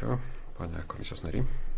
Ačiū, pane komisijos nariai.